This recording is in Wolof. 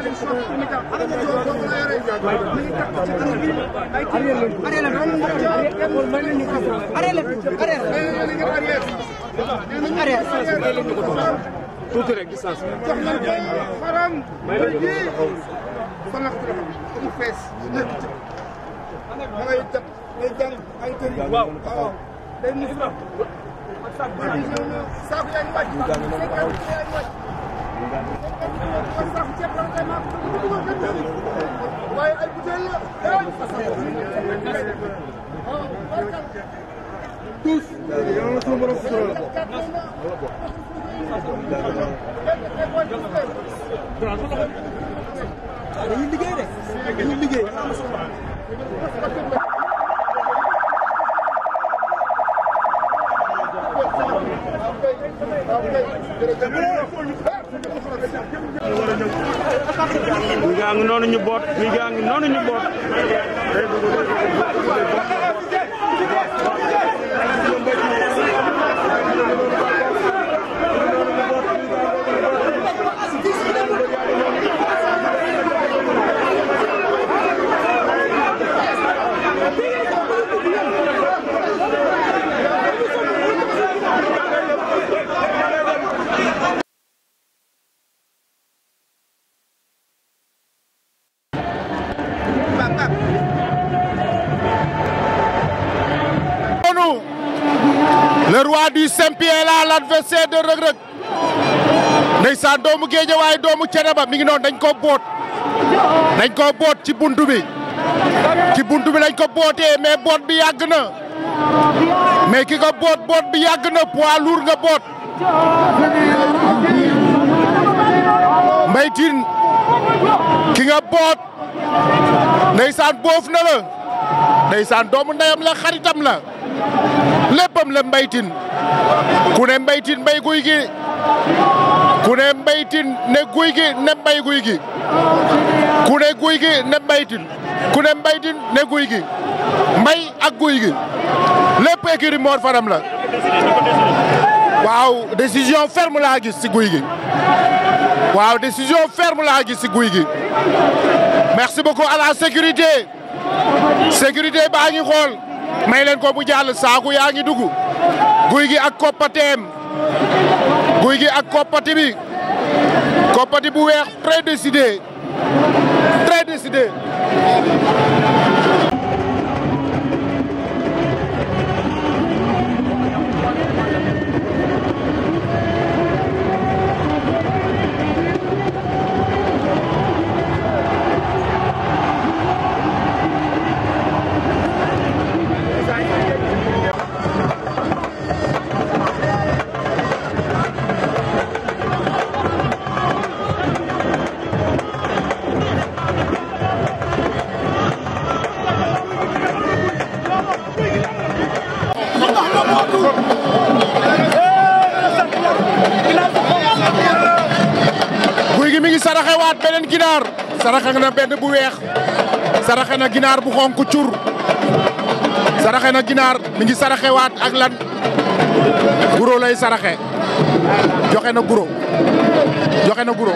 Salim Sow Mika ala nga jox ko la yore mi ngi takk ci dënn bi ay kii arrière la man ma jox ko man ni ko arrière la arrière la nga arrière arrière sa su leen ko do tuuti rek distance jox na ko faram may la ko taxaw fa nga ko mu fees nekk ci da ngay jàpp day jàng ay kër yi waaw waaw day mu saako yaa ngi wàcc saako yaa ngi wàcc waaye ay butéel tous yàlla sunu borom sutura la dañuy liggéey de dañuy liggéey Okay. mi gaa ngi noonu ñu boot mi gaa ngi noonu ñu boot le roi du Saint-Pierre là l'adversaire de Reug Reug doomu géeja waaye doomu Ceneba mi ngi noonu dañ koo boot dañ ko boot ci buntu bi ci buntu bi lañ ko bootee mais boot bi yàgg na mais ki ko boot boot bi yàgg na poids lourd nga boot Mbaye Tine ki nga boot ndeysaan boof na la ndeysaan doomu ndeyam la xaritam la léppam la mbaytin ku ne mbaytin mbay guy gi ku ne mbaytin ne guy gi ne mbay guy gi ku ne guy gi ne mbaytin ku ne mbaytin ne guy gi mbay ak guy gi lépp écurie Mor la waaw décision ferme laa gis ci guy gi waaw décision ferme laa gis si guy gi merci beaucoup à la sécurité sécurité baa ngi xool may leen ko bu jàll saaku yaa ngi dugg guy gi ak koppateem guy gi ak koppati bi koppati bu weex très décidé très décidé ginaar saraxe na benn bu weex saraxe na ginaar bu xonq cuur saraxe na ginaar mi ngi saraxe waat ak lan guro lay saraxe joxe na guro joxe na guro